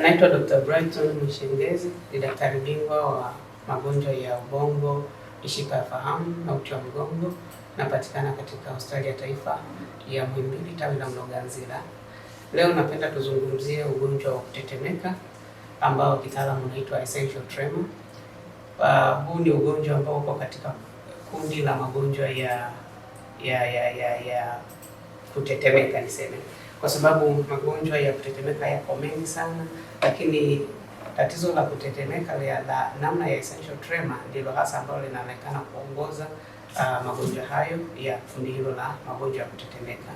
Naitwa Dr. Brighton Mshengezi, ni daktari bingwa wa magonjwa ya ubongo, mishipa ya fahamu na uti wa mgongo. Napatikana katika hospitali ya taifa ya Muhimbili tawi la Mloganzila. Leo napenda tuzungumzie ugonjwa wa kutetemeka ambao kitaalamu unaitwa essential tremor. Uh, huu ni ugonjwa ambao uko katika kundi la magonjwa ya ya ya ya, ya kutetemeka niseme kwa sababu magonjwa ya kutetemeka yako mengi sana, lakini tatizo la kutetemeka la namna ya essential tremor ndilo hasa ambalo linaonekana kuongoza uh, magonjwa hayo ya kundi hilo la magonjwa ya kutetemeka.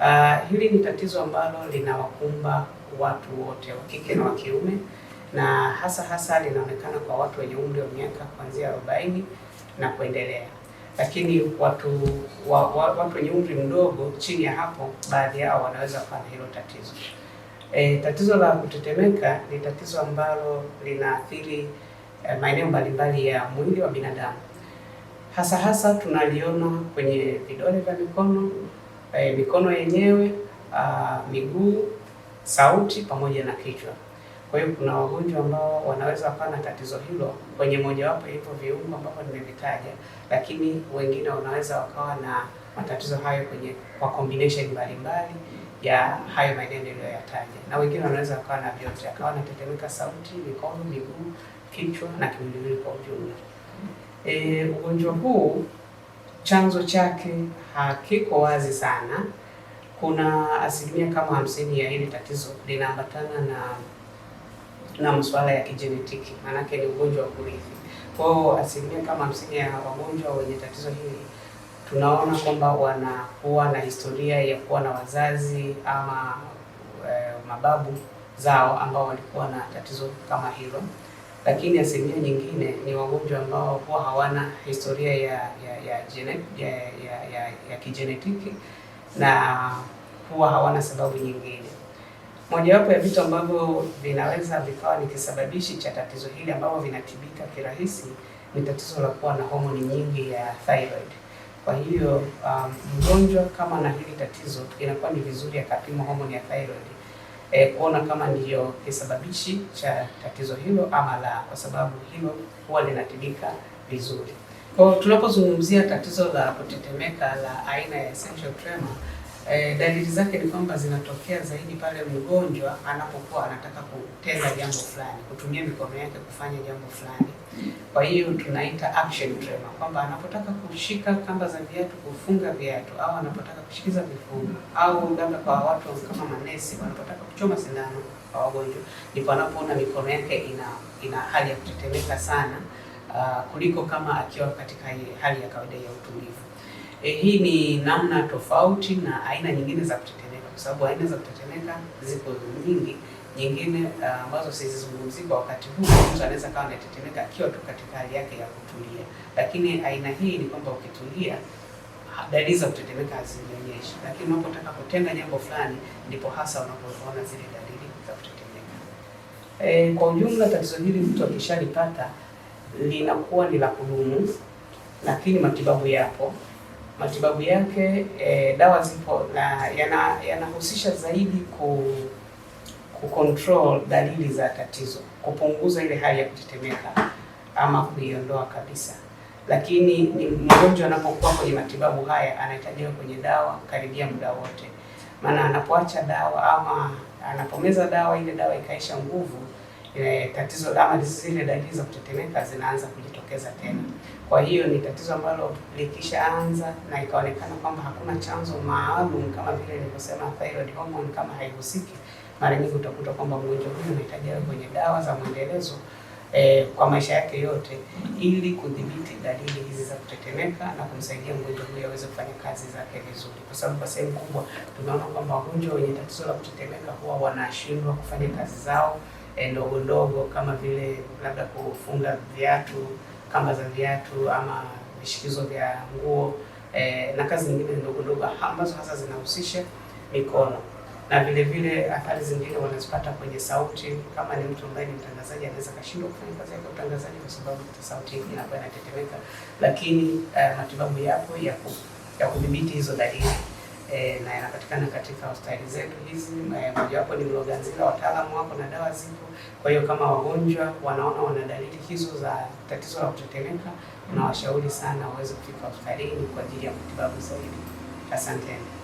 Uh, hili ni tatizo ambalo linawakumba watu wote wa kike na wa kiume, na hasa hasa linaonekana kwa watu wenye umri wa miaka kuanzia 40 na kuendelea lakini watu wa, wa, watu wenye umri mdogo chini ya hapo, baadhi yao wanaweza kuwa na hilo tatizo. E, tatizo la kutetemeka ni tatizo ambalo linaathiri e, maeneo mbalimbali ya mwili wa binadamu. Hasa hasa tunaliona kwenye vidole vya mikono e, mikono yenyewe, miguu, sauti pamoja na kichwa. Kwa hiyo kuna wagonjwa ambao wanaweza wakawa na tatizo hilo kwenye mojawapo ya hivyo viungo ambavyo nimevitaja, lakini wengine wanaweza wakawa na matatizo hayo kwenye kwa combination mbalimbali ya hayo maeneo niliyoyataja, na wengine wanaweza wakawa na vyote, akawa anatetemeka sauti, mikono, miguu, kichwa na kimwili kwa ujumla. E, ugonjwa huu chanzo chake hakiko wazi sana. Kuna asilimia kama hamsini ya hili tatizo linaambatana na na masuala ya kijenetiki, maanake ni ugonjwa wa kurithi. Kwa hiyo asilimia kama hamsini ya wagonjwa wenye tatizo hili tunaona kwamba wanakuwa na historia ya kuwa na wazazi ama e, mababu zao ambao walikuwa na tatizo kama hilo, lakini asilimia nyingine ni wagonjwa ambao huwa hawana historia ya ya ya, gene, ya, ya, ya, ya kijenetiki na huwa hawana sababu nyingine. Mojawapo ya vitu ambavyo vinaweza vikawa ni kisababishi cha tatizo hili ambavyo vinatibika kirahisi ni tatizo la kuwa na homoni nyingi ya thyroid. Kwa hiyo um, mgonjwa kama na hili tatizo inakuwa ni vizuri akapimwa homoni ya thyroid e, kuona kama ndiyo kisababishi cha tatizo hilo ama la, kwa sababu hilo huwa linatibika vizuri. Kwa tunapozungumzia tatizo la kutetemeka la aina ya essential tremor eh, dalili zake ni kwamba zinatokea zaidi pale mgonjwa anapokuwa anataka kutenda jambo fulani, kutumia mikono yake kufanya jambo fulani. Kwa hiyo tunaita action tremor, kwamba anapotaka kushika kamba za viatu, kufunga viatu, au anapotaka kushikiza vifungo, au labda kwa watu kama manesi wanapotaka kuchoma sindano kwa wagonjwa, ndipo anapoona mikono yake ina ina hali ya kutetemeka sana, uh, kuliko kama akiwa katika hali ya kawaida ya utulivu. E, hii ni namna tofauti na aina nyingine za kutetemeka, kwa sababu aina za kutetemeka ziko nyingi nyingine eh, ambazo uh, sizizungumzii kwa wakati huu. Mtu anaweza kawa anatetemeka akiwa tu katika hali yake ya kutulia, lakini aina hii ni kwamba ukitulia dalili za kutetemeka hazionyeshi, lakini unapotaka kutenga jambo fulani ndipo hasa unapoona zile dalili za kutetemeka. E, kwa ujumla tatizo hili mtu akishalipata linakuwa ni la kudumu, lakini matibabu yapo matibabu yake e, dawa zipo na yanahusisha yana zaidi ku kucontrol dalili za tatizo, kupunguza ile hali ya kutetemeka ama kuiondoa kabisa. Lakini ni mgonjwa anapokuwa kwenye matibabu haya anahitajiwa kwenye dawa karibia muda wote, maana anapoacha dawa ama anapomeza dawa ile dawa ikaisha nguvu ile tatizo ama zile dalili za kutetemeka zinaanza kujitokeza tena. Kwa hiyo ni tatizo ambalo likishaanza na ikaonekana kwamba hakuna chanzo maalum, kama vile nilivyosema, thyroid hormone kama haihusiki, mara nyingi utakuta kwamba mgonjwa huyu anahitaji awe kwenye dawa za mwendelezo e, kwa maisha yake yote ili kudhibiti dalili hizi za kutetemeka na kumsaidia mgonjwa huyu aweze kufanya kazi zake vizuri, kwa sababu kwa sehemu kubwa tunaona kwamba wagonjwa wenye tatizo la kutetemeka huwa wanashindwa kufanya kazi zao Eh, ndogo ndogo kama vile labda kufunga viatu, kamba za viatu ama vishikizo vya nguo e, na kazi nyingine ndogo ndogo ambazo hasa zinahusisha mikono na vile vile athari zingine wanazipata kwenye sauti. Kama ni mtu ambaye ni mtangazaji, anaweza kashindwa kufanya kazi yake utangazaji kwa sababu sauti yake inakuwa inatetemeka, lakini uh, matibabu yapo ya kudhibiti hizo dalili e, na yanapatikana katika hospitali zetu hizi. Mojawapo ni Mloganzila, wataalamu wako na dawa zipo. Kwa hiyo kama wagonjwa wanaona wana dalili hizo za tatizo la kutetemeka, tunawashauri sana waweze kufika hospitalini kwa ajili ya matibabu zaidi. Asanteni.